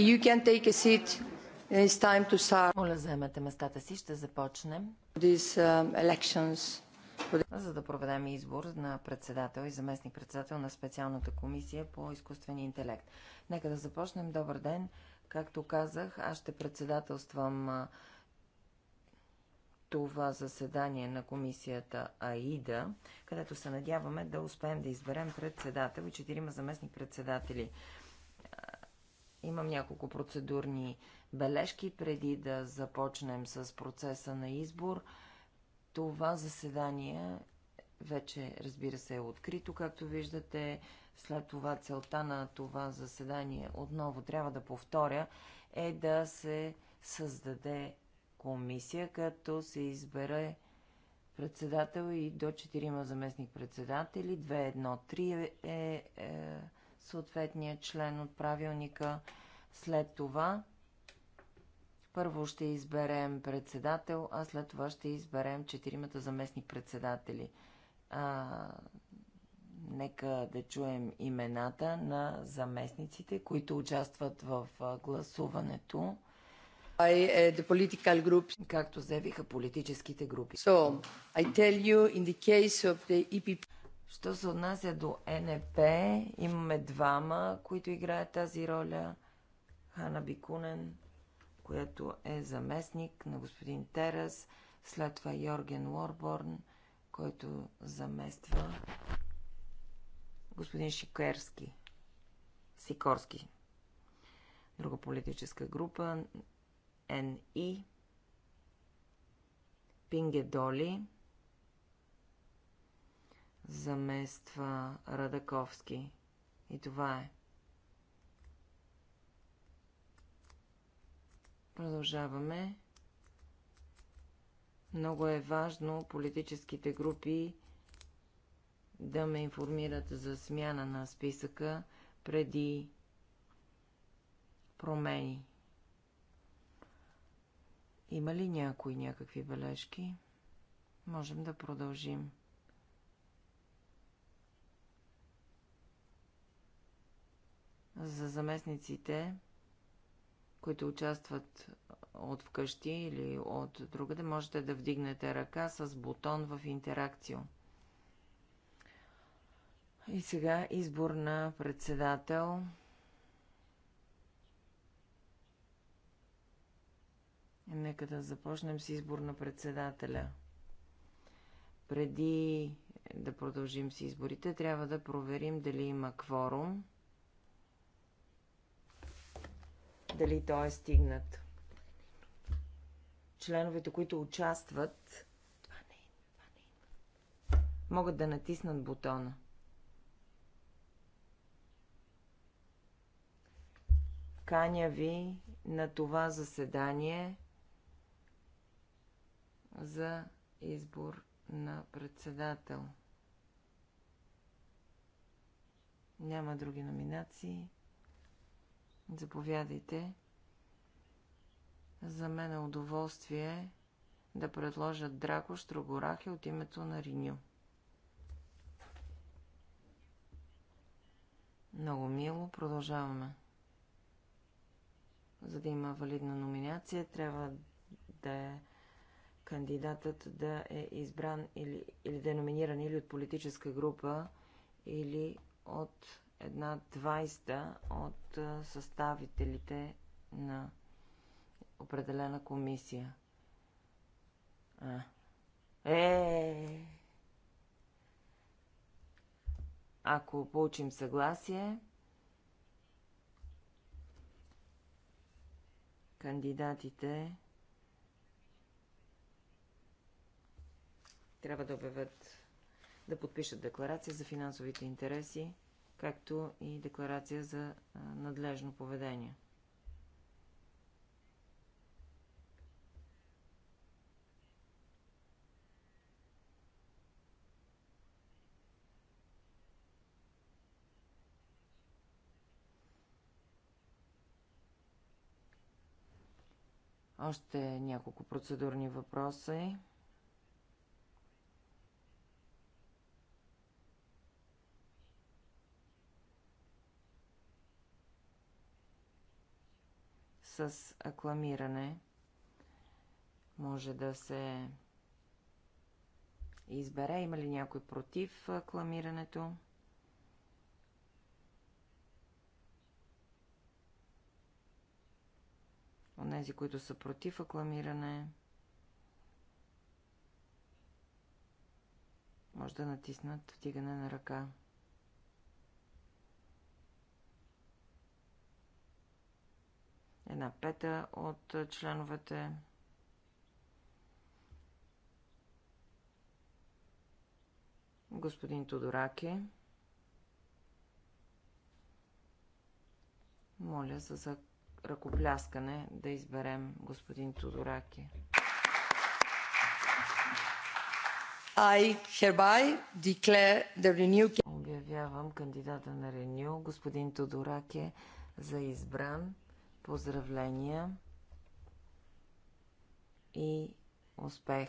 You can take a seat. It's time to start. Моля, заемете местата си, ще започнем. These um, elections. За да проведем избор на председател и заместник председател на специалната комисия по изкуствен интелект. Нека да започнем. Добър ден. Както казах, аз ще председателствам това заседание на комисията АИДА, където се надяваме да успеем да изберем председател и четирима заместник председатели. Имам няколко процедурни бележки преди да започнем с процеса на избор. Това заседание вече, разбира се, е открито, както виждате. След това целта на това заседание, отново трябва да повторя, е да се създаде комисия, като се избере председател и до 4 заместник-председатели. 2-1-3 е, е съответния член от правилника. След това първо ще изберем председател, а след това ще изберем четиримата заместни председатели. А, нека да чуем имената на заместниците, които участват в гласуването. Е, Както заявиха политическите групи. So, I tell you, in the case of the EPP... Що се отнася до НП, имаме двама, които играят тази роля. Хана Бикунен, която е заместник на господин Терас, след това Йорген Уорборн, който замества господин Шикерски. Сикорски. Друга политическа група НИ Пинге Доли замества Радаковски. И това е. Продължаваме. Много е важно политическите групи да ме информират за смяна на списъка преди промени. Има ли някои някакви бележки? Можем да продължим. за заместниците, които участват от вкъщи или от другаде, можете да вдигнете ръка с бутон в интеракцио. И сега избор на председател. Нека да започнем с избор на председателя. Преди да продължим с изборите, трябва да проверим дали има кворум. дали той е стигнат. Членовете, които участват, е, е. могат да натиснат бутона. Каня ви на това заседание за избор на председател. Няма други номинации. Заповядайте. За мен е удоволствие да предложа Драко Штрогорахи от името на Риню. Много мило, продължаваме. За да има валидна номинация, трябва да е кандидатът да е избран или, или да е номиниран или от политическа група, или от една 20 от съставителите на определена комисия. А. Е! Ако получим съгласие, кандидатите трябва да обявят, да подпишат декларация за финансовите интереси както и декларация за надлежно поведение. Още няколко процедурни въпроса. с акламиране може да се избере. Има ли някой против акламирането? Онези, които са против акламиране, може да натиснат вдигане на ръка. една пета от членовете. Господин Тодораки. Моля за ръкопляскане да изберем господин Тодораки. I hereby declare the renew... Обявявам кандидата на Реню, господин Тодораке, за избран Поздравления и успех!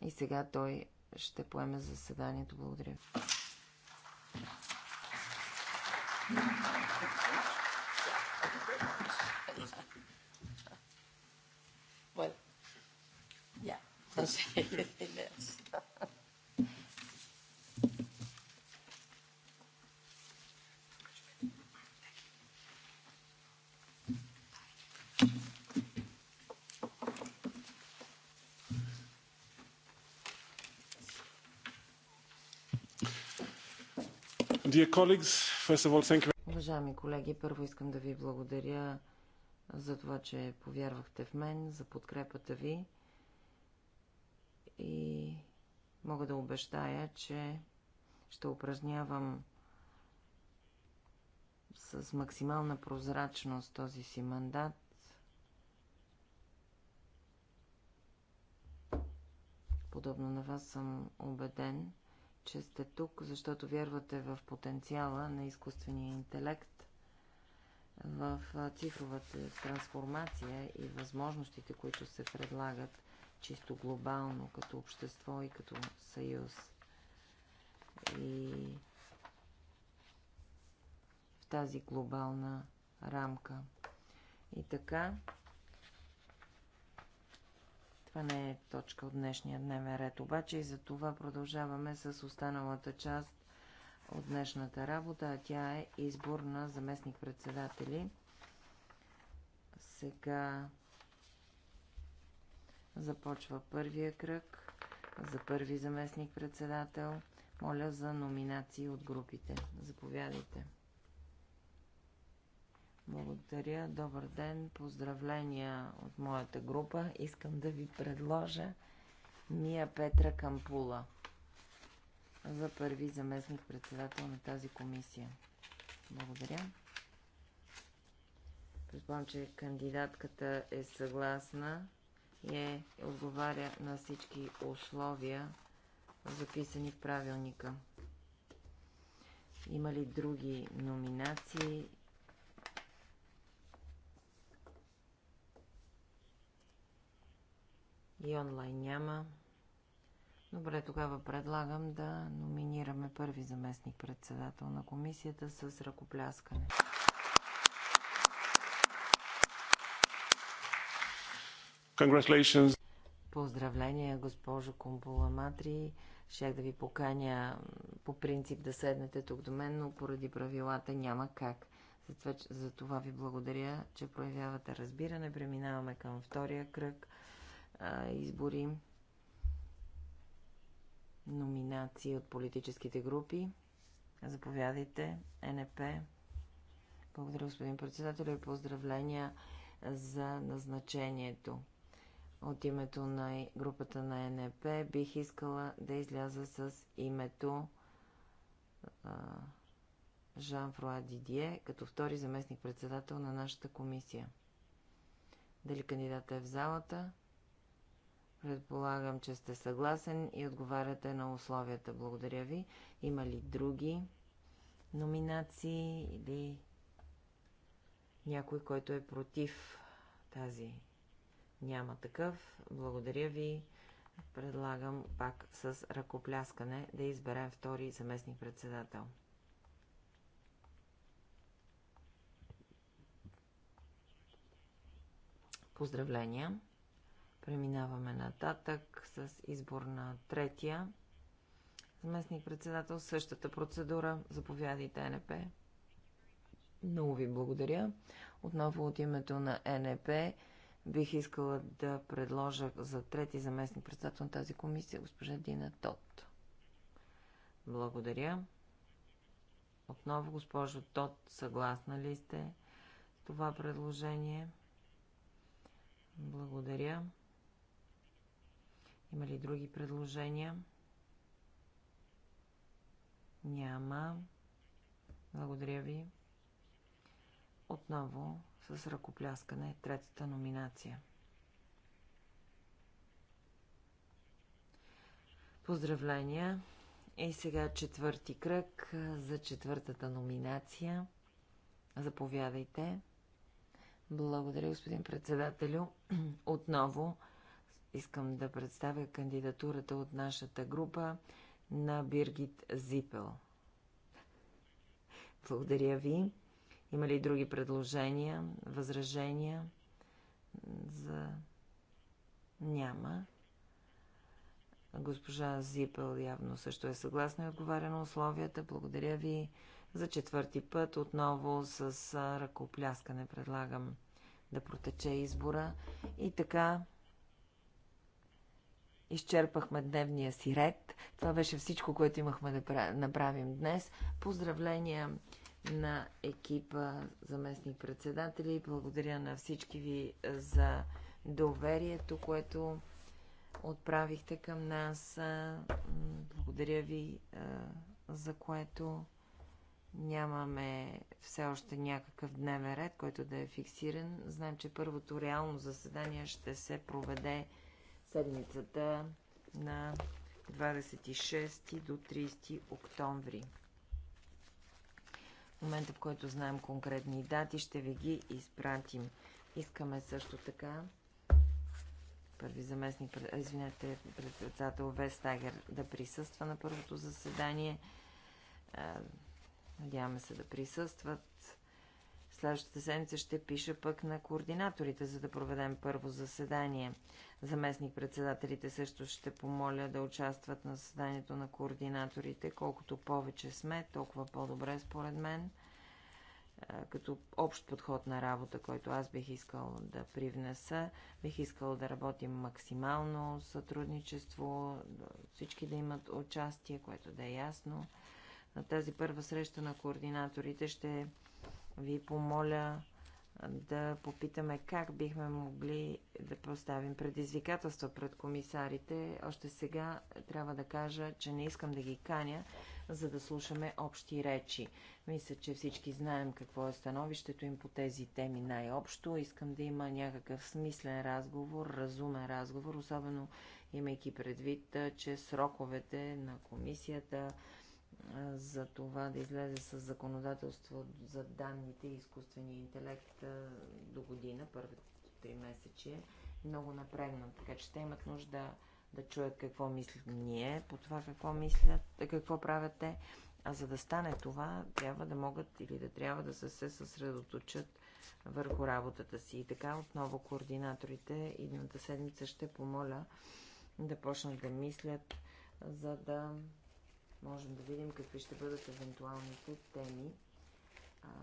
И сега той ще поеме заседанието. Благодаря. Well, yeah, that's it. Уважаеми колеги, първо искам да ви благодаря за това, че повярвахте в мен, за подкрепата ви и мога да обещая, че ще упражнявам с максимална прозрачност този си мандат. Подобно на вас съм убеден, че сте тук, защото вярвате в потенциала на изкуствения интелект, в цифровата трансформация и възможностите, които се предлагат чисто глобално, като общество и като съюз. И в тази глобална рамка. И така, това не е точка от днешния дневен ред, обаче и за това продължаваме с останалата част от днешната работа, а тя е избор на заместник-председатели. Сега започва първия кръг за първи заместник-председател. Моля за номинации от групите. Заповядайте. Благодаря, добър ден, поздравления от моята група. Искам да ви предложа Мия Петра Кампула за първи заместник председател на тази комисия. Благодаря. Предполагам, че кандидатката е съгласна и е, отговаря на всички условия, записани в правилника. Има ли други номинации и онлайн няма. Добре, тогава предлагам да номинираме първи заместник председател на комисията с ръкопляскане. Congratulations. Поздравления, госпожо Компула Матри. Щях да ви поканя по принцип да седнете тук до мен, но поради правилата няма как. Затова, за това ви благодаря, че проявявате разбиране. Преминаваме към втория кръг а, избори, номинации от политическите групи. Заповядайте, НП. Благодаря, господин председател, и поздравления за назначението. От името на групата на НП бих искала да изляза с името Жан-Фруа Дидие като втори заместник-председател на нашата комисия. Дали кандидата е в залата? Предполагам, че сте съгласен и отговаряте на условията. Благодаря ви. Има ли други номинации или някой, който е против тази? Няма такъв. Благодаря ви. Предлагам пак с ръкопляскане да изберем втори заместник председател. Поздравления! Преминаваме нататък с избор на третия. Заместник председател, същата процедура. Заповядайте, НП. Много ви благодаря. Отново от името на НП бих искала да предложа за трети заместник председател на тази комисия госпожа Дина Тот. Благодаря. Отново, госпожо Тот, съгласна ли сте с това предложение? Благодаря. Има ли други предложения? Няма. Благодаря ви. Отново с ръкопляскане третата номинация. Поздравления! И сега четвърти кръг за четвъртата номинация. Заповядайте. Благодаря, господин председателю. Отново Искам да представя кандидатурата от нашата група на Биргит Зипел. Благодаря ви. Има ли други предложения, възражения? За... Няма. Госпожа Зипел явно също е съгласна и отговаря на условията. Благодаря ви. За четвърти път отново с ръкопляскане предлагам да протече избора. И така изчерпахме дневния си ред. Това беше всичко, което имахме да направим днес. Поздравления на екипа местни председатели Благодаря на всички ви е, за доверието, което отправихте към нас. Е, благодаря ви е, за което нямаме все още някакъв дневен ред, който да е фиксиран. Знаем, че първото реално заседание ще се проведе седмицата на 26 до 30 октомври. В момента, в който знаем конкретни дати, ще ви ги изпратим. Искаме също така първи заместник, извинете, председател Вестагер да присъства на първото заседание. Надяваме се да присъстват Следващата седмица ще пиша пък на координаторите, за да проведем първо заседание. Заместник-председателите също ще помоля да участват на заседанието на координаторите. Колкото повече сме, толкова по-добре според мен. Като общ подход на работа, който аз бих искал да привнеса, бих искал да работим максимално сътрудничество, всички да имат участие, което да е ясно. На тази първа среща на координаторите ще ви помоля да попитаме как бихме могли да поставим предизвикателства пред комисарите. Още сега трябва да кажа, че не искам да ги каня, за да слушаме общи речи. Мисля, че всички знаем какво е становището им по тези теми най-общо. Искам да има някакъв смислен разговор, разумен разговор, особено имайки предвид, че сроковете на комисията, за това да излезе с законодателство за данните и изкуствения интелект до година, първото три месече, много напрегнат. Така че те имат нужда да чуят какво мислим ние, по това какво мислят, какво правят те. А за да стане това, трябва да могат или да трябва да се, се съсредоточат върху работата си. И така отново координаторите идната седмица ще помоля да почнат да мислят, за да можем да видим какви ще бъдат евентуалните теми,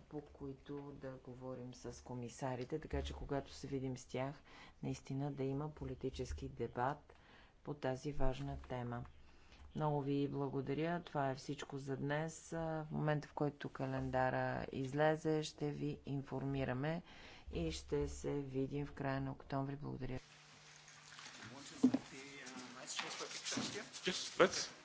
по които да говорим с комисарите, така че когато се видим с тях, наистина да има политически дебат по тази важна тема. Много ви благодаря. Това е всичко за днес. В момента, в който календара излезе, ще ви информираме и ще се видим в края на октомври. Благодаря. let's.